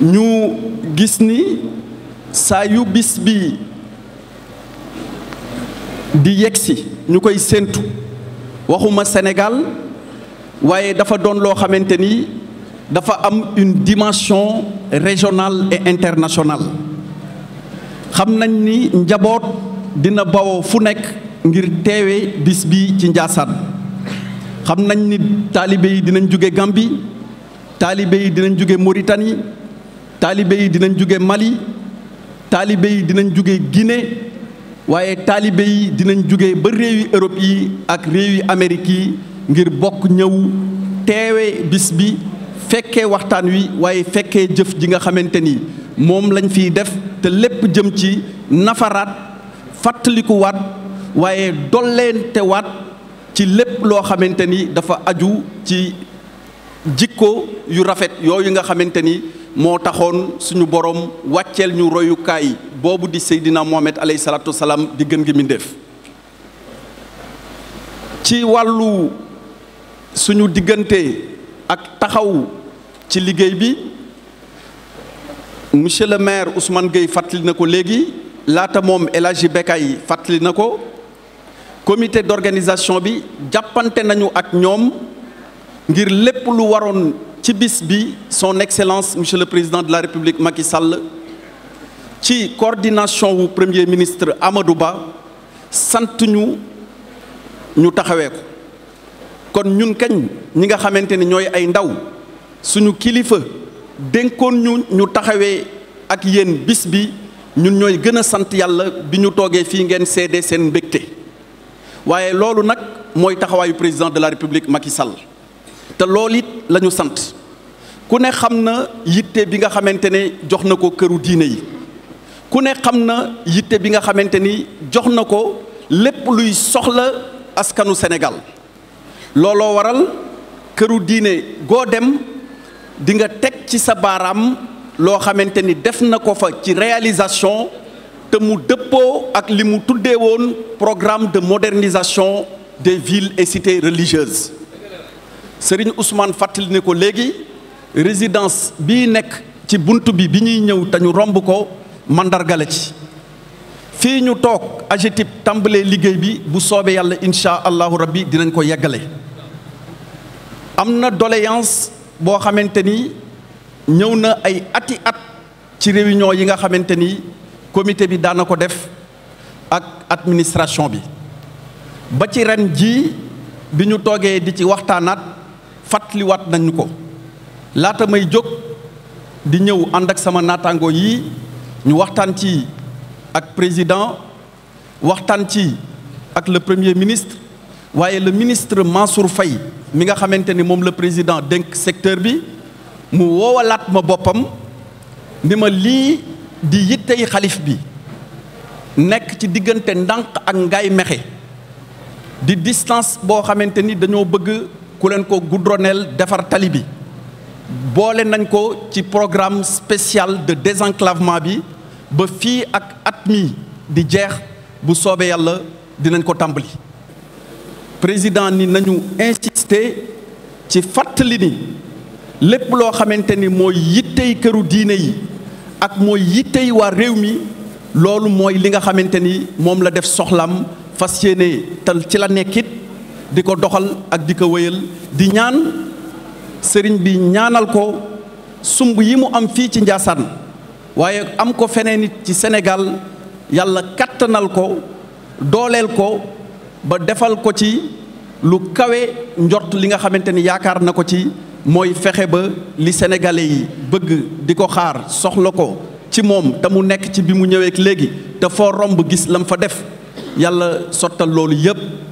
ñu gis ni saa bis bi di yegsi ñu koy séentu waxuma Sénégal waaye dafa doon loo xamante ni dafa am une dimension régionale et internationale xam nañ ni njaboot dina bawoo fu nekk ngir teewe bis bi ci Njaasaan xam nañ ni taalibe yi dinañ jóge Gambie taalibe yi dinañ jóge Mauritanie taalibe yi dinañ jóge Mali taalibe yi dinañ jóge gine waaye taalibe yi dinañ jóge ba réewi Europe yi ak réewi Amérique yi ngir bokk ñëw teewe bis bi fekke waxtaan wi waaye fekkee jëf ji nga xamante ni moom lañ fiy def te lépp jëm ci nafaraat fàttalikuwaat waaye dolleentewaat ci lépp loo xamante ni dafa aju ci jikko yu rafet yooyu nga xamante ni moo taxoon suñu boroom wàcceel ñu royukaay boobu di Seydina Mohamed aleyhi salaatu wasalaam di gën gi mbindéef ci wàllu suñu diggante ak taxaw ci liggéey bi monsieur le maire Ousmane Gueye fàttali na ko léegi laata moom El Hadji Bekay fàttali na ko comité d'organisation bi jàppante nañu ak ñoom ngir lépp lu waroon ci bisbi, son excellence monsieur le président de la république Macky Sall ci coordination ou premier ministre Amadou Ba sant ñu ñu taxawee ko kon ñun kañ ñi nga ni ay ndaw suñu kilifa dénkoon ñu ñu taxawee ak yéen bis bi ñun ñooy gën a sant yàlla bi ñu toogee fii ngeen seede seen président de la république Macky Sall te lolit lañu sante sant ku ne xamna na yitte bi nga xamante joxnako jox na ko yi ku ne xamna bi nga joxnako lepp luy soxla askanu Sénégal lolo waral këru diine go dem di nga tek ci sa baram lo xamante def nako fa ci réalisation te mu dëppoo ak limu tuddé won programme de modernisation des villes et cités religieuses Serigne Ousmane fàttali ne ko léegi résidence bii nekk ci bunt bi bi ñuy ñëw tañu romb ko mandargale ci fii ñu toog AGETIP tàmbalee liggéey bi bu soobee yàlla insha allahu rabbi dinañ ko yeggale am na doléance boo xamante ni ñëw na ay ati at ci réunion yi nga xamante ni comité bi daana ko def ak administration bi ba ci ren jii bi ñu toogee di ci waxtaanaat wat nañu ko laata may jóg di ñëw ànd sama naataango yi ñu waxtaan ci ak président waxtaan ci ak le premier ministre waaye le ministre Mansour fay mi nga xamante ni le président dénk secteur bi mu woowalaat ma boppam ni ma lii di yittey xalif bi nekk ci diggante ndànk ak ngaay mexe di distance boo xamante ni dañoo bëgg ku leen ko goudronel defar tali bi boole nañ ko ci programme spécial de désenclavement bi ba fii ak at mi di jeex bu soobee yàlla dinañ ko tàmbali président ni nañu insister ci fàttali ni lépp loo xamante ni mooy yittey këru diine yi ak mooy yittey waa réew mi loolu mooy li nga xamante ni moom la def soxlam fas yéene tal ci la nekkit di ko doxal ak di ko wéyal di ñaan sëriñ bi ñaanal ko sumb yi mu am fii ci Njaasaan waaye am ko feneen it ci senegal yàlla kattanal ko dooleel ko ba defal ko ci lu kawe njort li nga xamante ni yaakaar na ko ci mooy fexe ba li sénégalais yi bëgg di ko xaar soxla ko ci moom te mu nekk ci bi mu ñëwee léegi te foo romb gis lam fa def yàlla sottal loolu yépp